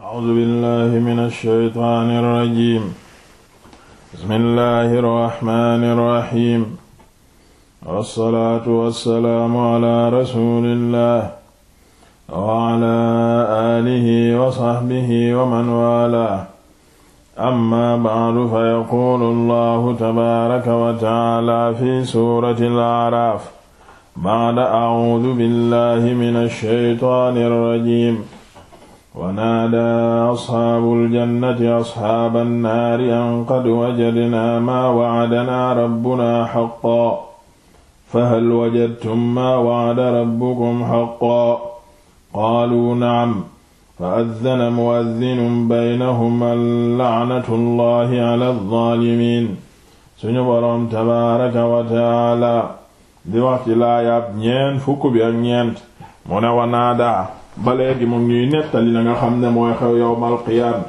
A'uuzu billaahi mina shaytaani rajiim. Bismillaahi rahmaani rahiim. Wassalaatu wassalaamu alaa rasuulillaah wa alaa aalihi wa sahbihi wa man waalaah. Amma ba'du fa yaquulu Allaahu tabaaraka wa ta'aalaa fi suuratil A'raaf. Ba'da a'uuzu billaahi mina shaytaani rajiim. wanaadaa asxaabu aljannati asxaaba annaari an qad wajadnaa maa wacadanaa rabbunaa xaqaa fahal wajadtum maa wacada rabbukum xaqaa qaaluu nacam fa addana muaddinun baynahum an lacnatu allahi cala alzaalimiin suñu boroom tabaaraka wa tacaala di wax ci laayaab ñeent fukk bi ak ñeent mu ne wanaadaa ba léegi moom ngi nettali la nga xam ne mooy xew yowmal qiyaam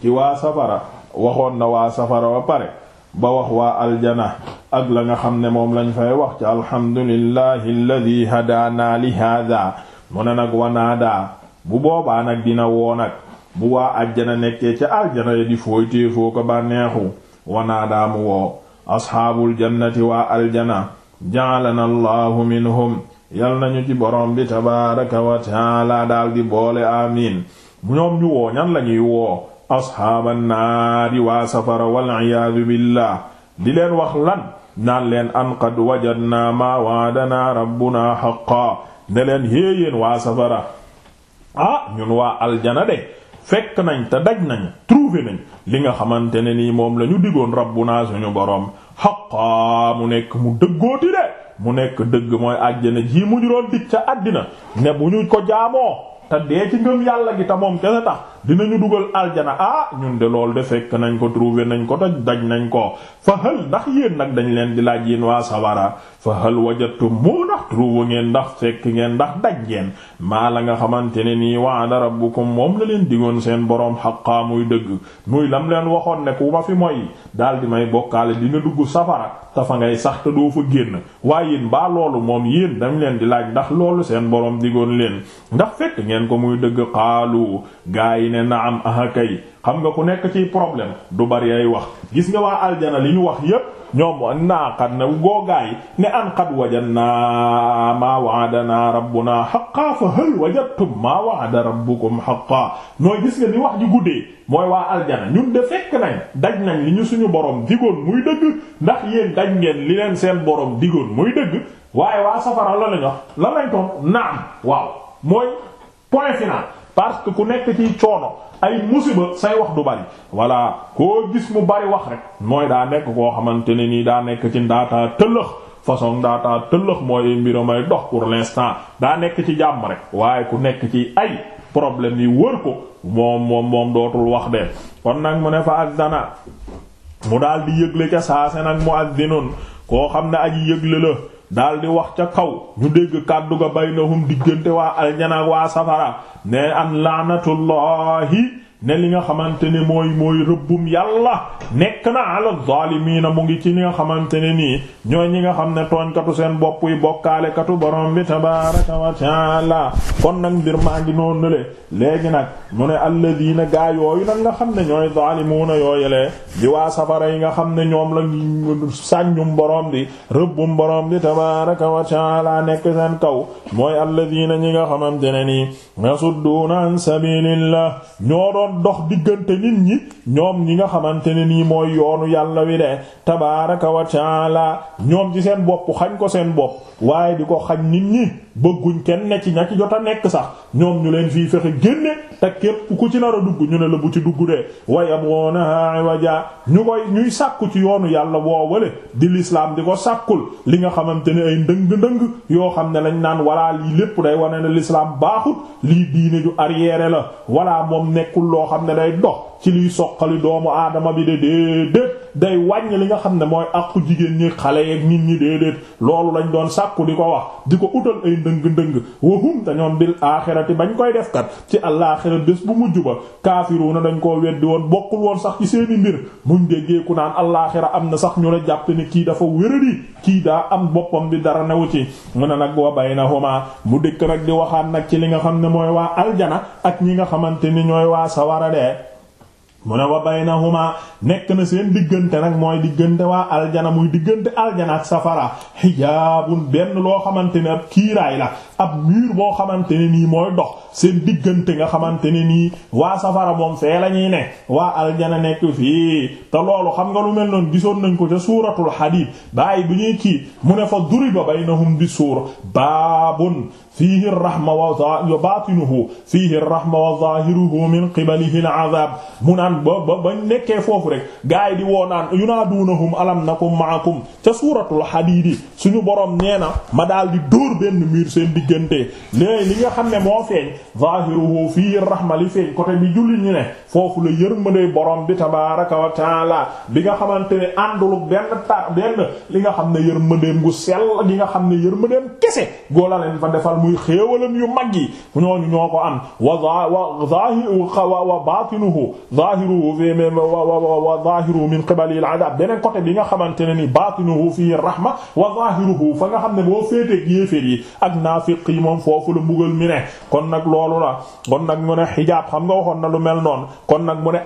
ci waa safara waxoon na waa safara ba pare ba wax waa aljana ak la nga xam ne moom lañ fay wax ci alhamdulillahi alladi hadaana li hada mu ne nag wanaadaa bu boobaa nag dina woo nag bu waa aljana nekkee ca aljana ya di fooy téefoo ko bànneexu wanaadaa mu woo asxaabul jannati waa aljana ja'alana allahu minhum yal nañu ci borom bi tabaaraka wa taala daal di boole amiin ñoom ñu woo ñan lañuy woo ashaaban naari waa safara wal iyaadu billah di leen wax lan naan leen an qad wajadnaa maa waadanaa rabbunaa haqqan ne leen héeyéen waa safara ah ñun waa aljana de fekk nañ te daj nañ trouvé nañ li nga xamante ne nii moom lañu ñu digoon rabbunaa suñu borom haqqan mu nekk mu dëggooti de mu nekk dëgg mooy àjjana jii mu ñu doon dig ca àddina ne bu ñu ko jaamoo te dee ci ngëm yàlla gi te moom kese tax dinañu dugal aljana ah ñun de loolu de fekk nañ ko trouver nañ ko toj daj nañ ko fa hal ndax yéen nag dañu leen di laaj yéen waa sawara fa hal wajadtum moo ndax trouver ngeen ndax fekk ngeen ndax daj ngeen maa la nga xamante ne nii wa'ada rabbukum moom la leen digoon seen boroom xaqaa muy dëgg muy lam leen waxoon ne ku fi mooy daal di may bokkaale dina dugg safara te sax te doo fa génn waaye yéen moom yéen dañ leen di laaj ndax loolu seen boroom digoon leen ndax fekk ngeen ko muy dëgg xaalu gaay ne naam aha kay xam nga ku nekk ci problème du bari ay wax gis nga waa aljana li ñu wax yépp ñoom naaxat ne googaay ne an qad wajadna maa wa'adana rabbuna haqqan fa hal wajadtum maa wa'ada rabbukum haqqan nooy gis nga li wax ji guddee mooy waa aljana ñun de fekk nañ daj nañ li ñu suñu borom digoon muy dëgg ndax yéen daj ngeen li leen seen borom digoon muy dëgg waaye waa safara la lañ wax la lañ toon naam waaw mooy point final parce que ku nekk ci coono ay musiba say wax du bari voilà koo gis mu bari wax rek mooy daa nekk koo xamante ne nii daa nekk ci ndaataa tëllëx façon ndaataa tëllëx mooy mbiram ay dox pour l'instant daa nekk ci jàmm rek waaye ku nekk ci ay problème yi wër ko moom moom moom dootul wax de kon nag mu ne fa addana mu daal di yëgle ca saa seen ak mu addinoon koo xam ne aji yëgle la daldi wax ca kaw ñu dégg kàddu ga baynahum diggante waa aljana waa safara ne an laanatullahi ne li nga xamante ne mooy mooy rëbbum yàlla nekk na ala zaalimiina mu ngi ci li nga xamante ne nii ñooy ñi nga xam ne tooñkatu seen bopp yi katu borom bi tabaaraka wa taala kon nag mbir maa ngi noon le léegi nag mu ne alladiina gaa yooyu nag nga xam ne ñooy zaalimuuna yooyele di waa safara yi nga xam ne ñoom la sàññum boroom bi rëbbum borom bi tabaaraka wa taala nekk seen kaw mooy alladiina ñi nga xamante ne nii yasudduuna an sabiilillah doon dox diggante nit ñi ñoom ñi nga xamante ne nii mooy yoonu yàlla wi de tabaaraka wa taala ñoom ci seen bopp xañ ko seen bopp waaye di ko xañ nit ñi bëgguñ kenn ne ci ña ci jot a nekk sax ñoom ñu leen fii fexe génne te képp ku ci nar a dugg ñu ne la bu ci dugg de wayam woona waja ñu koy ñuy sàkku ci yoonu yàlla woowale di lislaam di ko sàkkul li nga xamante ne ay ndëng-ndëng yoo xam ne lañ naan walaa lii lépp day wane ne lislaam baaxut lii diine ju arrière la walaa moom nekkul loo xam ne day dox ci liy soqali doomu aadama bi de déedéet day wàññi li nga xam ne mooy àqu jigéen ñi xale yeeg nit ñi déedéet loolu lañ doon sàkku di ko wax di ko utal ay ndëng-ndëng wahum te ñoom bil aaxirati bañ koy def kat ci àllaaxira bés bu mujj ba na dañ koo weddi woon bokkul woon sax ci seeni mbir muñ déggee ku naan àllaaxira am na sax ñu la jàpp ne kii dafa wéradi kii daa am boppam bi dara newu ci mu ne nag wa baynahuma mu dëkk nag di waxaat nag ci li nga xam ne mooy waa aljana ak ñi nga xamante ni ñooy waa sawara de mu ne wa baynahuma nekk na seen diggante nag mooy diggante waa aljana muy diggante aljana ak safara xijaabun benn loo xamante ne ab kiiraay la ab mur boo xamante ne nii mooy dox seen diggante nga xamante ne nii waa safara moom fee la ñuy ne waa aljana nekk fii te loolu xam nga lu mel noon gisoon nañ ko ca suuratul xadiid bàyyi bu ñuy kii mu ne fa duriba baynahum bi suur baabun fiihi rahma wa baatinuhu fiihi rahma wa zaahiruhu min qibalihi al-azaab mu naan ba ba bañ nekkee foofu rek gaa yi di woo naan yunaaduunahum alam nakum ma'akum ca suuratul hadiid suñu borom nee na ma daal di dóor benn miir seen diggante léegi li nga xam ne moo feeñ zaahiruhu fiihi rahma li feeñ côté bi julli ñu ne foofu la yërmande borom bi tabaaraka wa taala bi nga xamante ne àndulu benn tar benn li nga xam ne yërmandeem gu sell gi nga xam ne yërmandeem kese muy xéewalam yu mag yi ñooñu ko am wa wa zahiru wa batinuhu zahiruhu fi bi nga xamante ne ni batinuhu fi rahma wa zahiruhu fa nga xam ne boo féeteeg yéeféer yi ak yi moom foofu la mbugal kon nag loolu kon nag mu ne xijaab xam nga waxoon lu mel noonu kon nag mu ne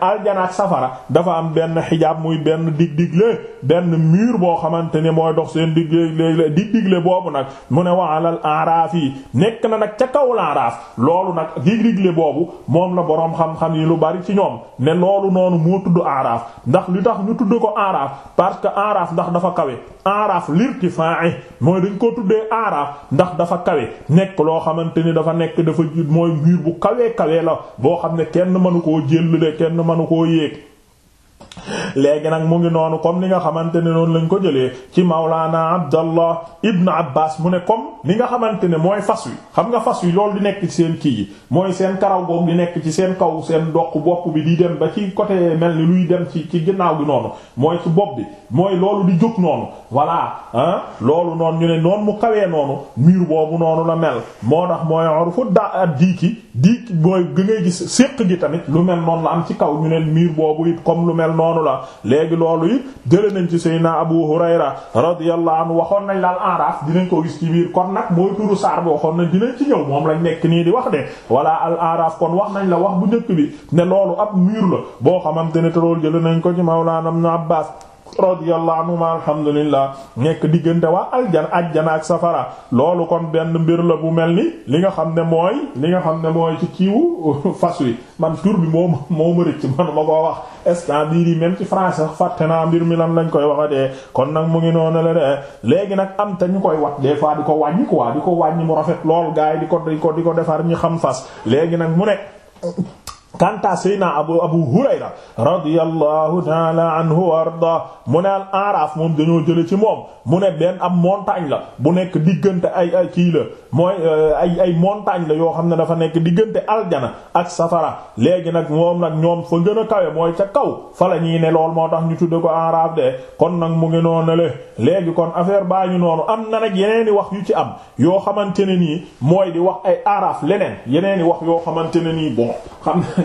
safara dafa am benn xijaab muy benn dig-digle benn mur boo xamante ne mooy dox seen dig-digle boobu nag mu wa alal yi nekk na nag ca kaw laaraaf loolu nag dig boobu moom la boroom xam-xam yi lu bari ci ñoom ne loolu noonu moo tudd aaraaf ndax li tax ñu tudd ko aaraaf parce que aaraaf ndax dafa kawe aaraaf lirtifaa'i mooy dañ ko tuddee aaraaf ndax dafa kawe nekk loo xamante ni dafa nekk dafa mooy mur bu kawee kawe la boo xam ne kenn mënu koo jël de kenn mënu koo yéeg léegi nag mu ngi noonu comme li nga xamante ne noonu lañ ko jëlee ci Maulana Abdallah Ibn Abbas mu ne comme li nga xamante ne mooy fas wi xam nga fas wi loolu di nekk ci seen kii yi mooy seen karaw boobu di nekk ci seen kaw seen doq bopp bi di dem ba ci côté mel ni luy dem ci ci ginnaaw gi noonu mooy ci bopp bi mooy loolu di jóg noonu voilà loolu noonu ñu ne noonu mu kawee noonu miir boobu noonu la mel moo tax mooy urfu da ak diiki diiki mooy gi ngay gis séq gi tamit lu mel noonu am ci kaw ñu ne mur boobu it comme lu mel noonu noonu la léegi loolu yi jële nañ ci Seydina Abu Hurayra radiyallahu anhu waxoon nañ laal Araf dinañ ko gis ci biir kon nag mooy turu saar bi waxoon nañ dinañ ci ñëw moom lañ nekk nii di wax de walla al Araf kon wax nañ la wax bu njëkk bi ne loolu ab mur la boo xamante ne te loolu jële nañ ko ci Mawlana Ibn Abbas radiyallahu anhuma alhamdulillah nekk diggante waa aljana ajjana ak safara loolu kon benn mbir la bu mel ni li nga xam ne mooy li nga xam ne mooy ci kiiwu fas wi man tur bi moom moo ma rëcc man ma koo wax instant bii di même ci français naa mbir mi lan lañ koy waxatee kon nag mu ngi noonu la de léegi nag am te ñu koy wax des fois di ko wàññi waa di ko wàññi mu rafet lool gars yi di ko di ko di ko defar ñu xam fas léegi nag mu ne kanta sayna abu abu hurayra radiyallahu taala anhu wa arda mu ne al araf moom dañoo jële ci moom mu ne benn ab montagne la bu nekk diggante ay ay kii la mooy euh, ay ay montagne la yoo xam ne dafa nekk diggante aljana ak safara léegi nag moom nag ñoom fa gën a kawe mooy ca kaw fa la ñuy ne lool moo tax ñu tudde ko araf de kon nag mu ngi noonu le léegi kon affaire baa ñu noonu am na nag yeneeni wax yu ci am yoo xamante ne nii mooy di wax ay araf leneen yeneeni wax yoo xamante ne nii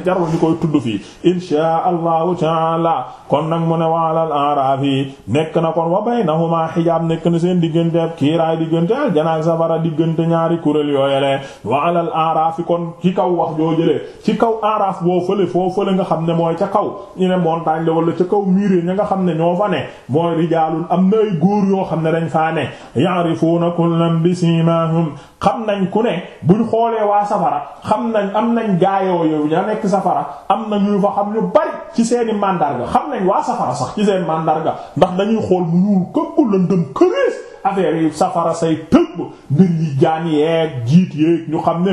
jarul ñu koy tudd fii inshaa allahu taala kon nag mu ne waalal araaf yi nekk na kon wa baynahuma xijaab nekk na seen diggante ak kiiraay diggante aljanaak safara diggante ñaari kuréel yooyele waalal araaf yi kon ci kaw wax joo jëlee ci kaw araaf boo fële foo fële nga xam ne mooy ca kaw ñu ne montagne la wala ca kaw miiré ña nga xam ne ñoo fa ne mooy rijaalun am na ay góor yoo xam ne dañ faa ne ya'rifuuna kullan bisimaahum xam nañ ku ne buñ xoolee waa safara xam nañ am nañ gaayoo yow ña safara am na ñu fa xam ñu bari ci seeni màndarga xam nañ waa safara sax ci seen mandarga ndax dañuy xool mu ñuul këpp lëndëm këriis affaire yi safara say tëbb mbir yi jaan yeeg jiit yeeg ñu xam ne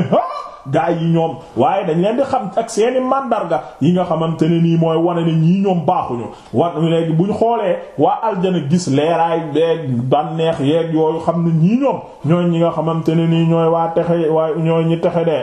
gaa yi ñoom waaye dañ leen di xam ak seeni màndarga yi nga xamante ne nii mooy wane ne ñii ñoom baaxuñu war léegi bu ñu xoolee waa aljana gis leeraay beeg bànneex yeeg yooyu xam ne ñii ñoom ñooy ñi nga xamante ne nii ñooy waa texe waaye ñooy ñi texe de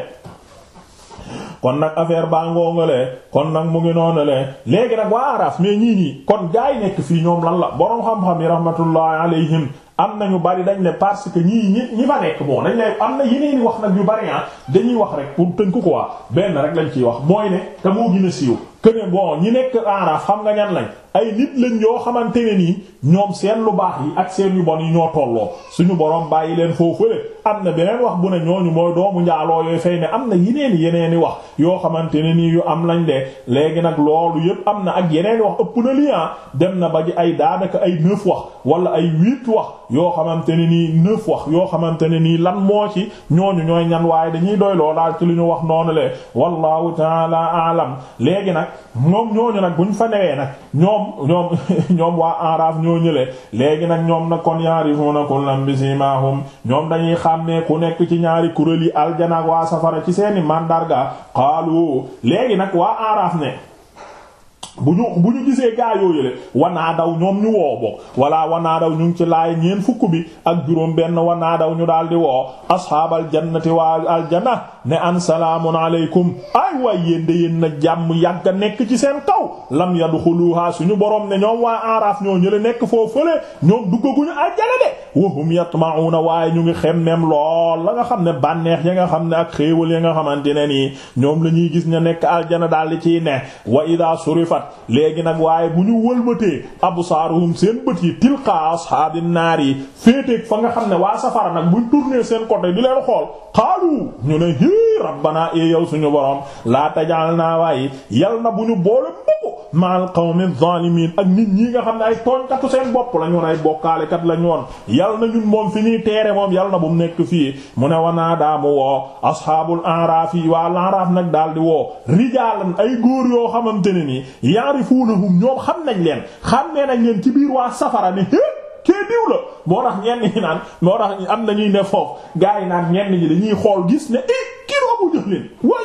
kon nag affaire baa ngoongalee kon nag mu ngi noonalee léegi nag waa araaf mais ñii nii kon gaa yi nekk fii ñoom lan la boroom xam-xam yi rahmatullahi alayhim am na ñu bari dañ ne parce que ñii ñi ñi fa nekk bon dañ ne am na yeneen wax nag yu bari ah, dañuy wax rek pour tënk quoi benn rek lañ ciy wax mooy ne te moo gën a siiw que ne bon ñi nekk Araf xam nga ñan lañ ay nit lañ yoo xamante ne nii ñoom seen lu baax yi ak seen yu bon yi ñoo tolloo suñu borom bàyyi leen foofule am na beneen wax bu ne ñooñu mooy doomu njaaloo yooyu fay ne am na yeneen yeneen i wax yoo xamante ne nii am lañ de léegi nag loolu yëpp am na ak yeneen wax ëpp na lii dem na ba ji ay daanaka ay neuf wax wala ay huit wax yoo xamante ne nii neuf wax yoo xamante ne nii lan moo ci ñooñu ñooy ñan waaye dañuy doy loo daal ci li ñu wax noonu le wallahu taala alam léegi nag moom ñooñu nag bu ñu fa newee nag ñoom ñoom ñoom waa enraf ñoo ñële léegi nag ñoom nag kon yaarifuuna kullam bisimahum ñoom dañuy xàmmee ku nekk ci ñaari kuréel yi aljana ak waa safara ci seeni mandarga qaalu léegi nag waa enraf ne bu ñu bu ñu gisee gaa yooyu le wanaa ñoom ñu woo bokk walla wanaa ñu ngi ci laay ñeen fukk bi ak juróom benn wanaa daw ñu daal di woo ashaabal jannati waa aljanna ne an salaamun aleykum ay waay yéen de yéen na jàmm yàgg a nekk ci seen kaw lam yadxuluha suñu borom ne ñoom waa aaraaf ñoo ñële nekk foofu fële ñoom duggaguñu aljana de wahum yatma'una waaye ñu ngi xemmeem lool la nga xam ne bànneex ya nga xam ne ak xéewal ya nga xamante ne nii ñoom la ñuy gis ña nekk aljana daal di ciy ne wa léegi nag waaye bu ñu wëlbatee absaaruhum seen bët yi tilqa ashaabin naar yi féeteeg fa nga xam ne waa safara nag bu buñ tourné seen côté di leen xool xaalu ñu ne hii rabbana ee yow suñu borom laata tajal naa waaye yal na bu ñu boole mbokk maal qawmi zalimin ak nit ñi nga xam ne ay tooñkatu seen bopp la ñu ay bokkaalekat la ñu woon yal na ñun moom fi ñuy teere moom yal na bu mu nekk fii mu ne wanaa daamu woo ashaabul araaf yi waa araaf nag daal di ya'rifunahum ñoom xam nañ leen xàmmee nañ leen ci biir waa safara ne kee diw la moo tax ñenn ñi naan moo tax am na ñuy ne foofu gars yi naan ñenn yi dañuy xool gis ne eh kii Abu Jahlin waa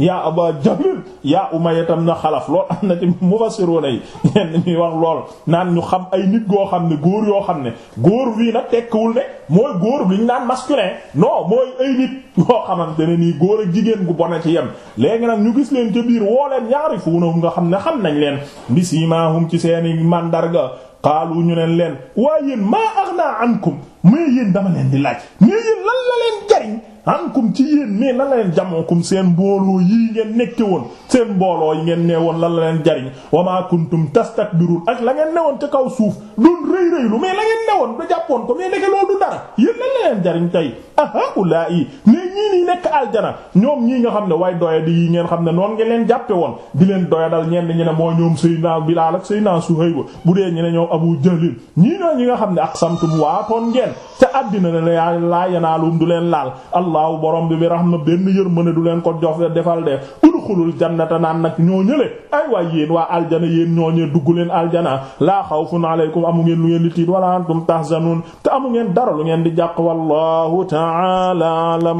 yaa Aba Jahlin yaa Umayya tam na xalaf lool am na ci mufassiruna yi ñenn ñuy wax lool naan ñu xam ay nit goo xam ne góor yoo xam ne góor wii nag tekkiwul ne mooy góor bi ñu naan masculin non mooy ay nit yoo xamante ne nii góor ak jigéen gu bona ci yem léegi nag ñu gis leen ca biir woo leen yaarifuuna nga xam ne xam nañ leen bi siimaahum ci seeni mandarga qaalu ñu neen leen waaye yéen maa aghnaa ankum mais yéen dama leen di laaj mais yéen lan la leen jariñ ankum ci yéen mais lan la leen jamookum seen mbooloo yii ngeen nekke woon seen mbooloo yi ngeen nee woon lan la leen jariñ wa ma kuntum tastakbirun ak la ngeen newoon ca kaw suuf doon la ngeen newoon jàppoon ko mais nekk loolu du dara yéen lan la leen jariñ tey ahaulaa i ne ñii nii nekk aljana ñoom ñii nga xam ne way doya di ngeen xam ne noon ngeen leen jàppe woon di leen doya dal ñenn ñi ne moo ñoom Seydina Bilaal ak Seydina Suhayb bu dee ñi ne ñoom Abu Jahl ñii ñi nga xam ne aqsamtum waatoon ngeen ca àddina ne la yanaalum du leen laal allahu borom bi bi rahma benn yërmande du leen ko jox defal de udxulul jannata naan nag ñoo ñële ay waay yéen waa aljana yéen ñoo ñëw dugg leen aljana laa xawfun aleykum amu ngeen lu ngeen di tiit wala antum tahzanun te amu ngeen dara lu ngeen di jàq wallahu ta'ala